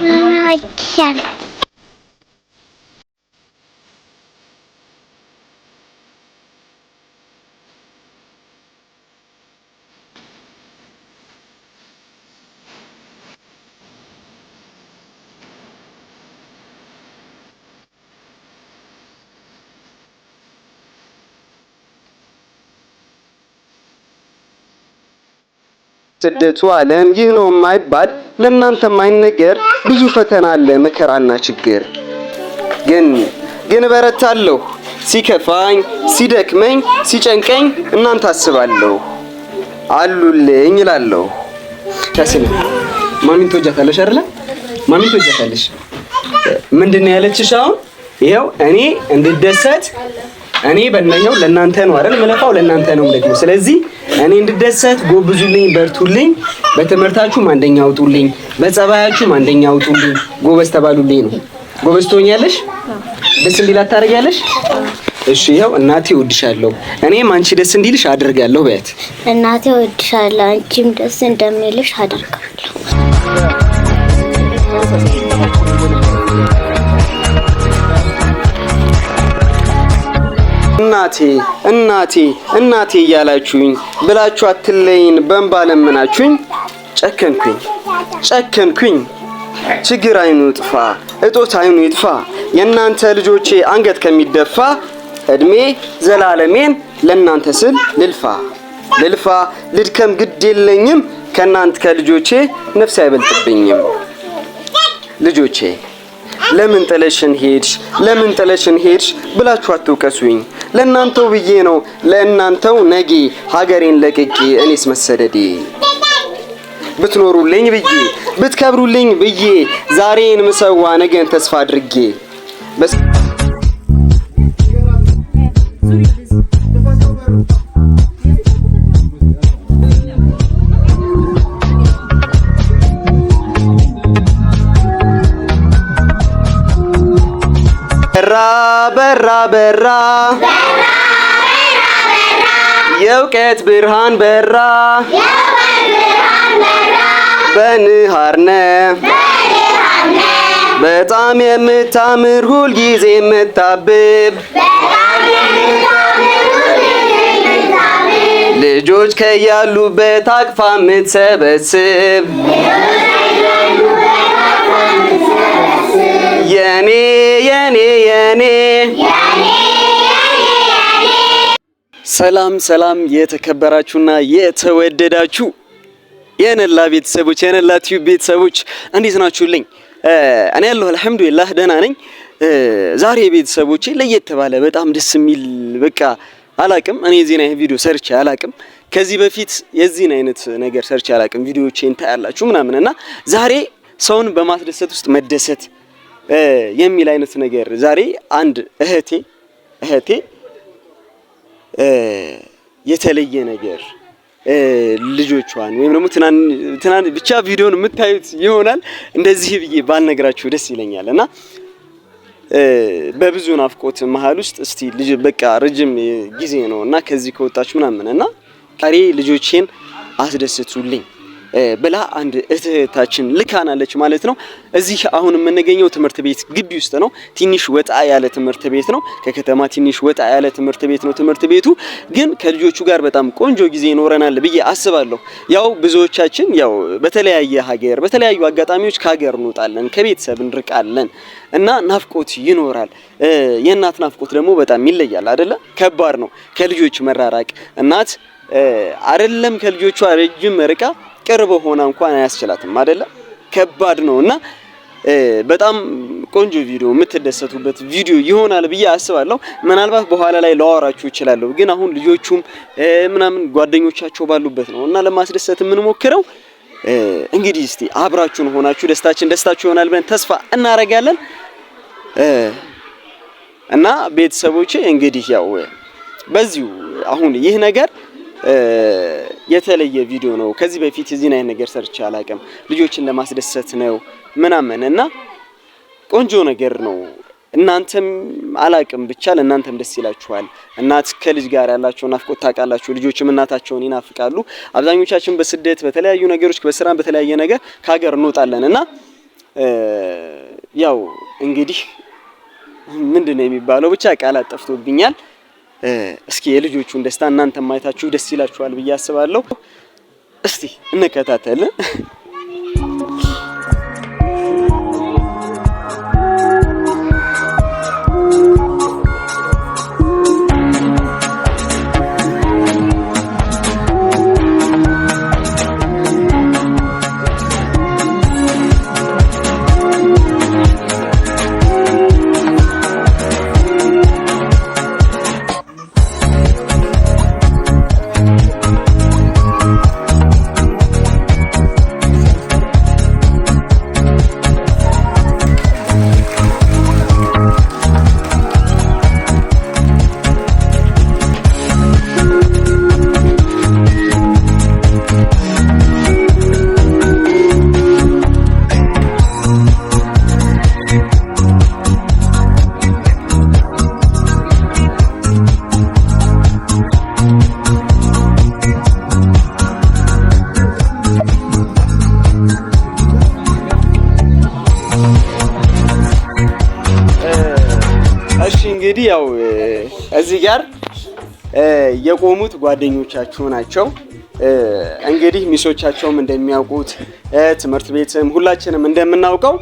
妈想。ስደቱ ዓለም ይህ ነው የማይባል ለእናንተ የማይነገር ብዙ ፈተና አለ፣ መከራና ችግር። ግን ግን እበረታለሁ። ሲከፋኝ፣ ሲደክመኝ፣ ሲጨንቀኝ እናንተ አስባለሁ። አሉልኝ እላለሁ። ታስነ ማሚን ትወጃታለሽ አይደለ? ማሚን ትወጃታለሽ። ምንድን ነው ያለችሽ አሁን? ይኸው እኔ እንድደሰት እኔ በእናኛው ለእናንተ ነው አይደል የምለፋው፣ ለእናንተ ነው የምደግመው። ስለዚህ እኔ እንድደሰት ጎብዙልኝ፣ በርቱልኝ፣ በትምህርታችሁም አንደኛ አውጡልኝ፣ በጸባያችሁም አንደኛ አውጡልኝ፣ ጎበዝ ተባሉልኝ ነው። ጎበዝ ትሆኛለሽ፣ ደስ እንዲላት ታደርጊያለሽ። እሺ ያው እናቴ እወድሻለሁ፣ እኔም አንቺ ደስ እንዲልሽ አደርጋለሁ። በያት እናቴ እወድሻለሁ፣ አንቺም ደስ እንደሚልሽ አደርጋለሁ። እናቴ እናቴ እናቴ እያላችሁኝ ብላችሁ አትለይን በእንባ ለምናችሁኝ ጨከንኩኝ ጨከንኩኝ። ችግር አይኑ ጥፋ እጦት አይኑ ይጥፋ የእናንተ ልጆቼ አንገት ከሚደፋ እድሜ ዘላለሜን ለእናንተ ስል ልልፋ ልልፋ ልድከም ግድ የለኝም ከእናንተ ከልጆቼ ነፍሴ አይበልጥብኝም ልጆቼ ለምን ጥለሽን ሄድሽ? ለምን ጥለሽን ሄድሽ ብላችሁ አትውቀሱኝ። ለእናንተው ብዬ ነው ለእናንተው ነጌ ሀገሬን ለቅቄ እኔስ መሰደዴ ብትኖሩልኝ ብዬ ብትከብሩልኝ ብዬ ዛሬን ምሰዋ ነገን ተስፋ አድርጌ በስ በራ በራ በራ የእውቀት ብርሃን በራ በንሃርነ በጣም የምታምር ሁል ጊዜ የምታብብ ልጆች ከያሉበት አቅፋ የምትሰበስብ የኔ የኔ የኔ ሰላም ሰላም የተከበራችሁና የተወደዳችሁ የነላ ቤተሰቦች የነላ ቲዩብ ቤተሰቦች እንዴት ናችሁልኝ? እኔ ያለሁ አልሐምዱሊላህ ደህና ነኝ። ዛሬ ቤተሰቦች ለየት ተባለ በጣም ደስ የሚል በቃ አላቅም እኔ ዜና ይህ ቪዲዮ ሰርቼ አላቅም። ከዚህ በፊት የዚህን አይነት ነገር ሰርቼ አላቅም። ቪዲዮዎቼን ታያላችሁ ምናምን እና ዛሬ ሰውን በማስደሰት ውስጥ መደሰት የሚል አይነት ነገር ዛሬ አንድ እህቴ እህቴ የተለየ ነገር ልጆቿን ወይም ደግሞ ትናን ብቻ ቪዲዮን የምታዩት ይሆናል እንደዚህ ብዬ ባልነግራችሁ ደስ ይለኛል እና በብዙ ናፍቆት መሀል ውስጥ እስቲ ልጅ በቃ ረጅም ጊዜ ነው እና ከዚህ ከወጣችሁ ምናምን እና ቀሪ ልጆቼን አስደስቱልኝ ብላ አንድ እህታችን ልካናለች ማለት ነው። እዚህ አሁን የምንገኘው ትምህርት ቤት ግቢ ውስጥ ነው። ትንሽ ወጣ ያለ ትምህርት ቤት ነው። ከከተማ ትንሽ ወጣ ያለ ትምህርት ቤት ነው። ትምህርት ቤቱ ግን ከልጆቹ ጋር በጣም ቆንጆ ጊዜ ይኖረናል ብዬ አስባለሁ። ያው ብዙዎቻችን ያው በተለያየ ሀገር በተለያዩ አጋጣሚዎች ከሀገር እንወጣለን፣ ከቤተሰብ እንርቃለን እና ናፍቆት ይኖራል። የእናት ናፍቆት ደግሞ በጣም ይለያል አይደለ? ከባድ ነው ከልጆች መራራቅ እናት አይደለም ከልጆቿ ረጅም ርቃ ቅርብ ሆና እንኳን አያስችላትም አይደለም። ከባድ ነው እና በጣም ቆንጆ ቪዲዮ የምትደሰቱበት ቪዲዮ ይሆናል ብዬ አስባለሁ። ምናልባት በኋላ ላይ ለዋራችሁ ይችላለሁ ግን አሁን ልጆቹም ምናምን ጓደኞቻቸው ባሉበት ነው እና ለማስደሰት የምንሞክረው። እንግዲህ እስቲ አብራችሁን ሆናችሁ ደስታችን ደስታችሁ ይሆናል ብለን ተስፋ እናደርጋለን። እና ቤተሰቦቼ እንግዲህ ያው በዚሁ አሁን ይህ ነገር የተለየ ቪዲዮ ነው። ከዚህ በፊት የዚህን አይነት ነገር ሰርቼ አላቅም። ልጆችን ለማስደሰት ነው ምናምን እና ቆንጆ ነገር ነው። እናንተም አላቅም ብቻ ለእናንተም ደስ ይላችኋል። እናት ከልጅ ጋር ያላቸው ናፍቆት ታውቃላችሁ። ልጆችም እናታቸውን ይናፍቃሉ። አብዛኞቻችን በስደት በተለያዩ ነገሮች በስራም በተለያየ ነገር ከሀገር እንወጣለን እና ያው እንግዲህ ምንድን ነው የሚባለው ብቻ ቃላት ጠፍቶብኛል። እስኪ የልጆቹን ደስታ እናንተ ማየታችሁ ደስ ይላችኋል ብዬ አስባለሁ። እስቲ እንከታተል። የቆሙት ጓደኞቻቸው ናቸው። እንግዲህ ሚሶቻቸውም እንደሚያውቁት ትምህርት ቤትም ሁላችንም እንደምናውቀው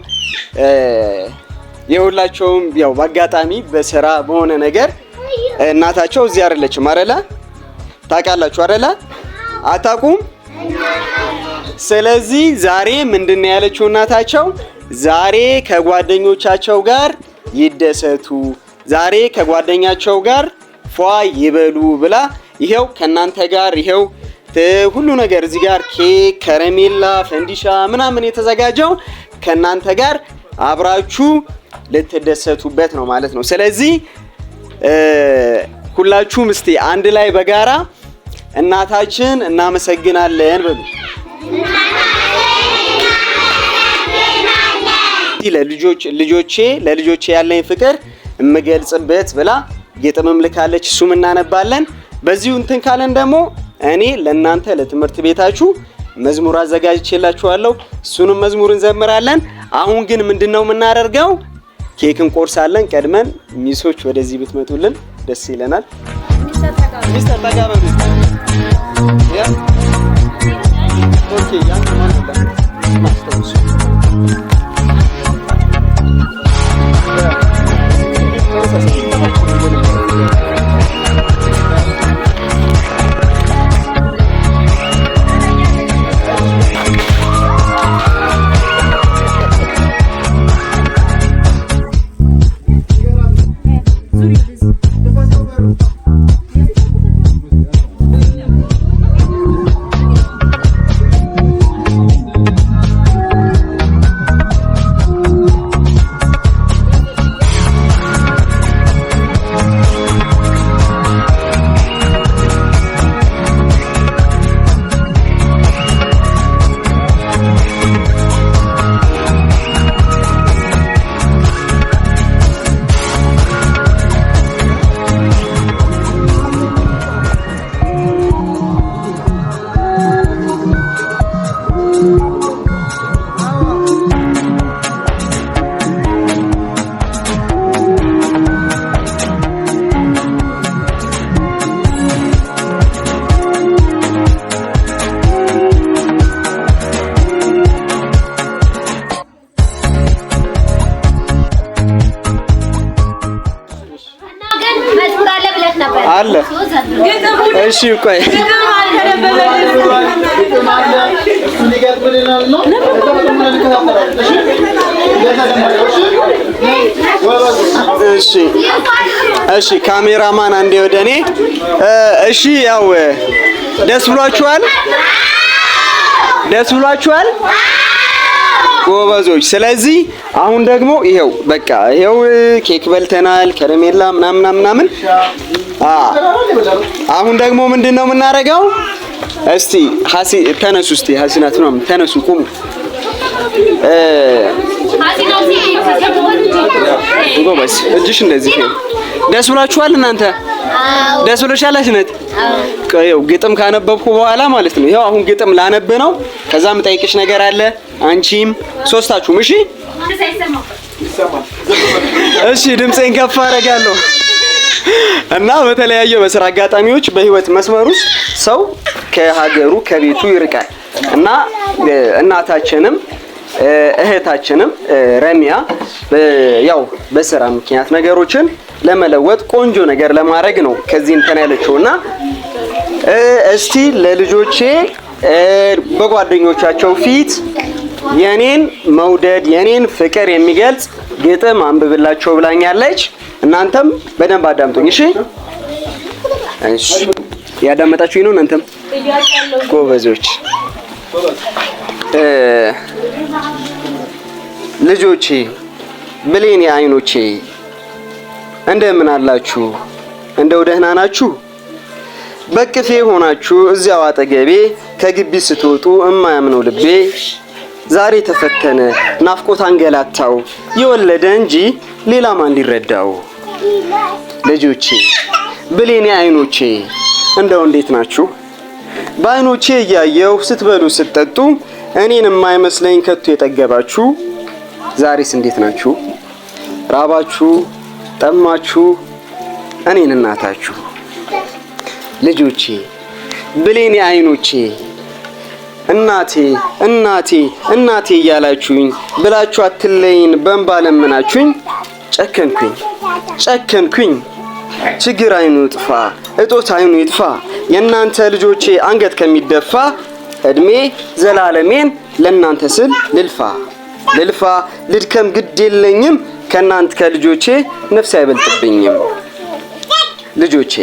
የሁላቸውም ያው በአጋጣሚ በስራ በሆነ ነገር እናታቸው እዚህ አይደለችም። አረላ ታውቃላችሁ፣ አረላ አታውቁም። ስለዚህ ዛሬ ምንድን ነው ያለችው እናታቸው? ዛሬ ከጓደኞቻቸው ጋር ይደሰቱ፣ ዛሬ ከጓደኛቸው ጋር ፏ ይበሉ ብላ ይሄው ከእናንተ ጋር ይሄው ሁሉ ነገር እዚህ ጋር ኬክ፣ ከረሜላ፣ ፈንዲሻ ምናምን የተዘጋጀው ከእናንተ ጋር አብራችሁ ልትደሰቱበት ነው ማለት ነው። ስለዚህ ሁላችሁም እስቲ አንድ ላይ በጋራ እናታችን እናመሰግናለን በሉ። ለልጆቼ ለልጆቼ ያለኝ ፍቅር የምገልጽበት ብላ ግጥምም ልካለች፣ እሱም እናነባለን። በዚሁ እንትን ካለን ደግሞ እኔ ለእናንተ ለትምህርት ቤታችሁ መዝሙር አዘጋጅቼላችኋለሁ። እሱንም መዝሙር እንዘምራለን። አሁን ግን ምንድን ነው የምናደርገው? ኬክ እንቆርሳለን። ቀድመን ሚሶች ወደዚህ ብትመጡልን ደስ ይለናል። ሚስተር ተጋበዙ። ኦኬ ያ ማስተውሱ እሺ ቆይ እሺ እሺ፣ ካሜራማን አንዴ ወደ እኔ። እሺ፣ ያው ደስ ብሏችኋል? ደስ ብሏችኋል? ጎበዞች። ስለዚህ አሁን ደግሞ ይሄው በቃ ይሄው ኬክ በልተናል፣ ከረሜላ ምናምን ምናምን። አሁን ደግሞ ምንድን ነው የምናደርገው? እስቲ ሀሲ ተነሱ፣ እስቲ ሀሲናት ነው ተነሱ፣ ቁሙ። ጎበዝ እጅሽ እንደዚህ ደስ ብሏችኋል እናንተ ደስ ብሎሻል አሽነት? ያው ግጥም ካነበብኩ በኋላ ማለት ነው። ያው አሁን ግጥም ላነብ ነው። ከዛ የምጠይቅሽ ነገር አለ። አንቺም ሶስታችሁም። እሺ፣ እሺ። ድምፄን ከፍ አደርጋለሁ እና በተለያየ በስራ አጋጣሚዎች በህይወት መስመር ውስጥ ሰው ከሀገሩ ከቤቱ ይርቃል እና እናታችንም እህታችንም ረሚያ ያው በስራ ምክንያት ነገሮችን ለመለወጥ ቆንጆ ነገር ለማድረግ ነው ከዚህ እንትን ያለችው እና እስቲ ለልጆቼ በጓደኞቻቸው ፊት የኔን መውደድ የኔን ፍቅር የሚገልጽ ግጥም አንብብላቸው ብላኛለች። እናንተም በደንብ አዳምጡኝ። እሺ፣ እሺ፣ ያዳመጣችሁኝ ነው እናንተም ጎበዞች። ልጆቼ ብሌን አይኖቼ እንደምን አላችሁ? እንደው ደህና ናችሁ? በቅፌ ሆናችሁ እዚያው አጠገቤ ከግቢ ስትወጡ እማያምነው ልቤ ዛሬ ተፈተነ ናፍቆት አንገላታው የወለደ እንጂ ሌላ ማን ሊረዳው። ልጆቼ ብሌኔ አይኖቼ እንደው እንዴት ናችሁ? በአይኖቼ እያየው ስትበሉ ስትጠጡ እኔን የማይመስለኝ ከቶ የጠገባችሁ ዛሬስ እንዴት ናችሁ? ራባችሁ፣ ጠማችሁ? እኔን እናታችሁ ልጆቼ፣ ብሌን አይኖቼ፣ እናቴ እናቴ እናቴ እያላችሁኝ ብላችሁ አትለይን በእንባ ለምናችሁኝ ጨከንኩኝ ጨከንኩኝ። ችግር አይኑ ይጥፋ፣ እጦት አይኑ ይጥፋ፣ የእናንተ ልጆቼ አንገት ከሚደፋ እድሜ ዘላለሜን ለእናንተ ስል ልልፋ ልልፋ ልድከም ግድ የለኝም ከእናንተ ከልጆቼ ነፍሴ አይበልጥብኝም። ልጆቼ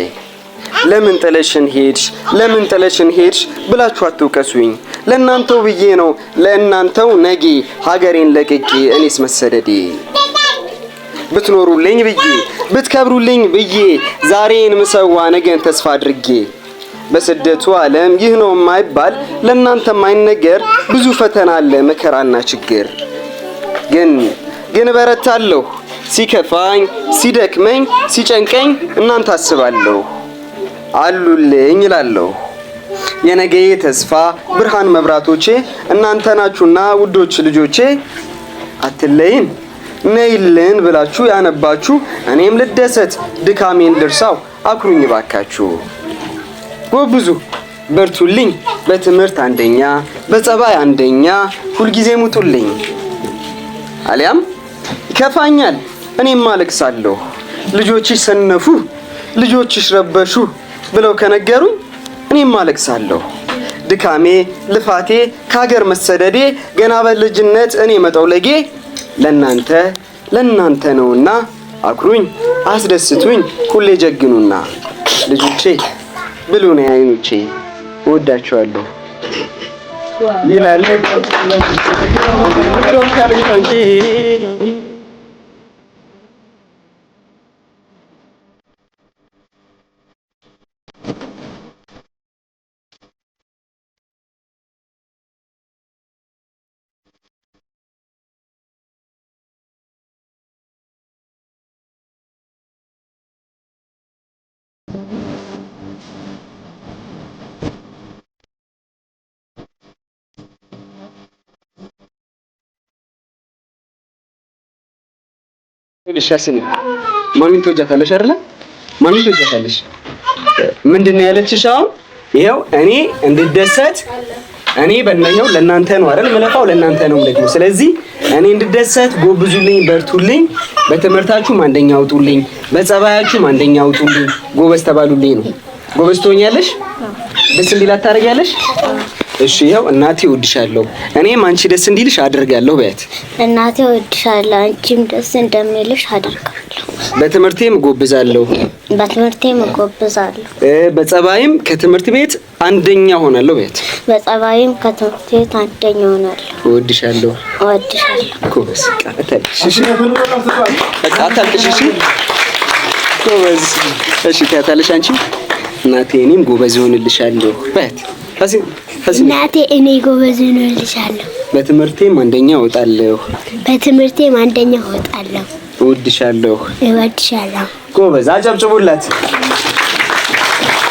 ለምን ጥለሽን ሄድሽ ለምን ጥለሽን ሄድሽ ብላችሁ አትውቀሱኝ። ለእናንተው ብዬ ነው ለእናንተው ነጌ ሀገሬን ለቅቄ እኔስ መሰደዴ ብትኖሩልኝ ብዬ ብትከብሩልኝ ብዬ ዛሬን ምሰዋ ነገን ተስፋ አድርጌ በስደቱ ዓለም ይህ ነው የማይባል ለእናንተ የማይነገር ብዙ ፈተና አለ፣ መከራና ችግር። ግን ግን እበረታለሁ። ሲከፋኝ፣ ሲደክመኝ፣ ሲጨንቀኝ እናንተ አስባለሁ። አሉልኝ ይላለሁ። የነገዬ ተስፋ ብርሃን መብራቶቼ እናንተ ናችሁና ውዶች ልጆቼ አትለይን ነይልን ብላችሁ ያነባችሁ እኔም ልደሰት ድካሜን ልርሳው አኩሩኝ ባካችሁ። ጎብዙ፣ በርቱልኝ። በትምህርት አንደኛ፣ በጸባይ አንደኛ፣ ሁልጊዜ ሙጡልኝ። አሊያም ይከፋኛል፣ እኔም አለቅሳለሁ። ልጆችሽ ሰነፉ፣ ልጆችሽ ረበሹ ብለው ከነገሩኝ እኔም አለቅሳለሁ። ድካሜ ልፋቴ፣ ከሀገር መሰደዴ፣ ገና በልጅነት እኔ መጠውለጌ ለእናንተ ለእናንተ ነውና አኩሩኝ፣ አስደስቱኝ ሁሌ ጀግኑና ልጆቼ ብሉ ነው አይኖቼ፣ እወዳቸዋለሁ ይላል። እሺ አስሚ፣ ማሚን ትወጃታለሽ አይደለ? ማሚን ትወጃታለሽ። ምንድን ነው ያለችሽ? አሁን ይኸው እኔ እንድደሰት እኔ በእናኛው ለእናንተ ነው አይደል? መለፋው ለእናንተ ነው ደግሞ። ስለዚህ እኔ እንድደሰት ጎብዙልኝ፣ በርቱልኝ፣ በትምህርታችሁም አንደኛ አውጡልኝ፣ በጸባያችሁም አንደኛ አውጡልኝ፣ ጎበዝ ተባሉልኝ ነው። ጎበዝ ትሆኛለሽ፣ ደስ እንዲላት ታደርጊያለሽ። እሺ ያው እናቴ እወድሻለሁ፣ እኔም አንቺ ደስ እንዲልሽ አደርጋለሁ በያት። እናቴ እወድሻለሁ፣ አንቺም ደስ እንደሚልሽ አደርጋለሁ። በትምህርቴም እጎብዛለሁ፣ በትምህርቴም እጎብዛለሁ። በጸባይም ከትምህርት ቤት አንደኛ ሆናለሁ በያት። በጸባይም ከትምህርት ቤት አንደኛ ሆናለሁ። እወድሻለሁ፣ እወድሻለሁ። ጎበዝ። አታልቅሽ። ጎበዝ። እሺ ታያታለሽ። አንቺ እናቴ እኔም ጎበዝ ይሆንልሻለሁ በያት። እናቴ እኔ ጎበዝ እሆንልሻለሁ። በትምህርቴም አንደኛ እወጣለሁ። በትምህርቴም አንደኛ እወጣለሁ። እወድሻለሁ። እወድሻለሁ። ጎበዝ አጨብጭቡላት።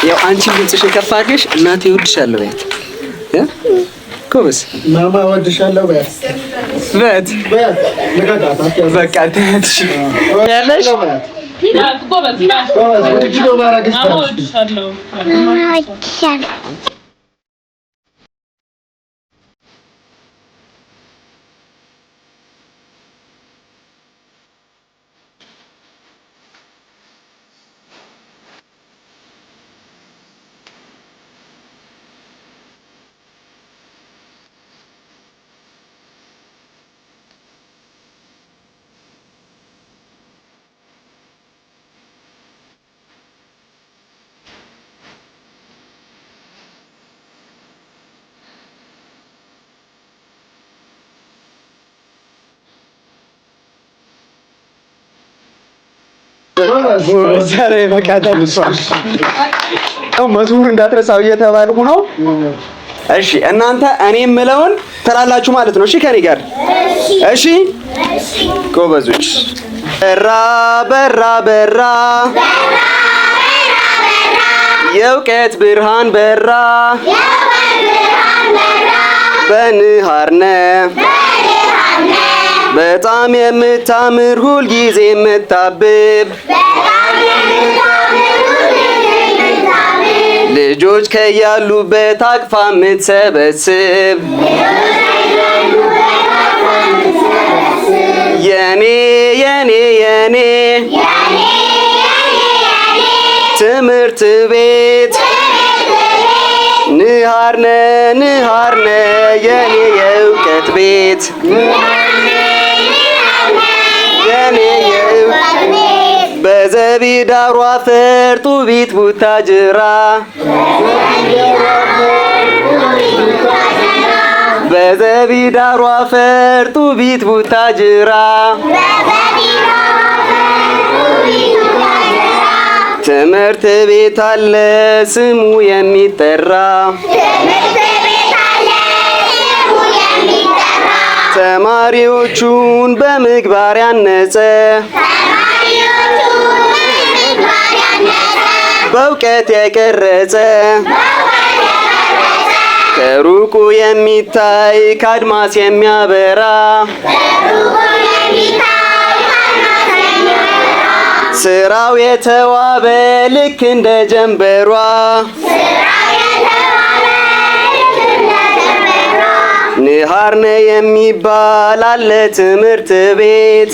ያው አንቺ ድምፅሽን ከፍ አድርገሽ እናቴ እወድሻለሁ በያት። ጎበዝ ማማ እወድሻለሁ በያት። በያት በቃ ያለሽ ጎበዝ ዛሬ በቃ ተንሷል። መዝሙር እንዳትረሳው እየተባልኩ ነው። እሺ እናንተ እኔ የምለውን ትላላችሁ ማለት ነው። እሺ ከኔ ጋር እሺ። ጎበዞች በራ በራ በራ የእውቀት ብርሃን በራ በንሃርነ በጣም የምታምር ሁልጊዜ የምታብብ ልጆች ከያሉበት አቅፋ የምትሰበስብ የኔ የኔ የኔ ትምህርት ቤት ንሃርነ ንሃርነ የኔ የእውቀት ቤት በቢዳሯ ፈርጡ ቢት ቡታጅራ በዘቢዳሩ ፈርጡ ቢት ቡታጅራ ትምህርት ቤት አለ ስሙ የሚጠራ ተማሪዎቹን በምግባር ያነጸ በእውቀት የቀረጸ ከሩቁ የሚታይ ከአድማስ የሚያበራ ስራው የተዋበ ልክ እንደ ጀንበሯ ንሃር ነ የሚባል አለ ትምህርት ቤት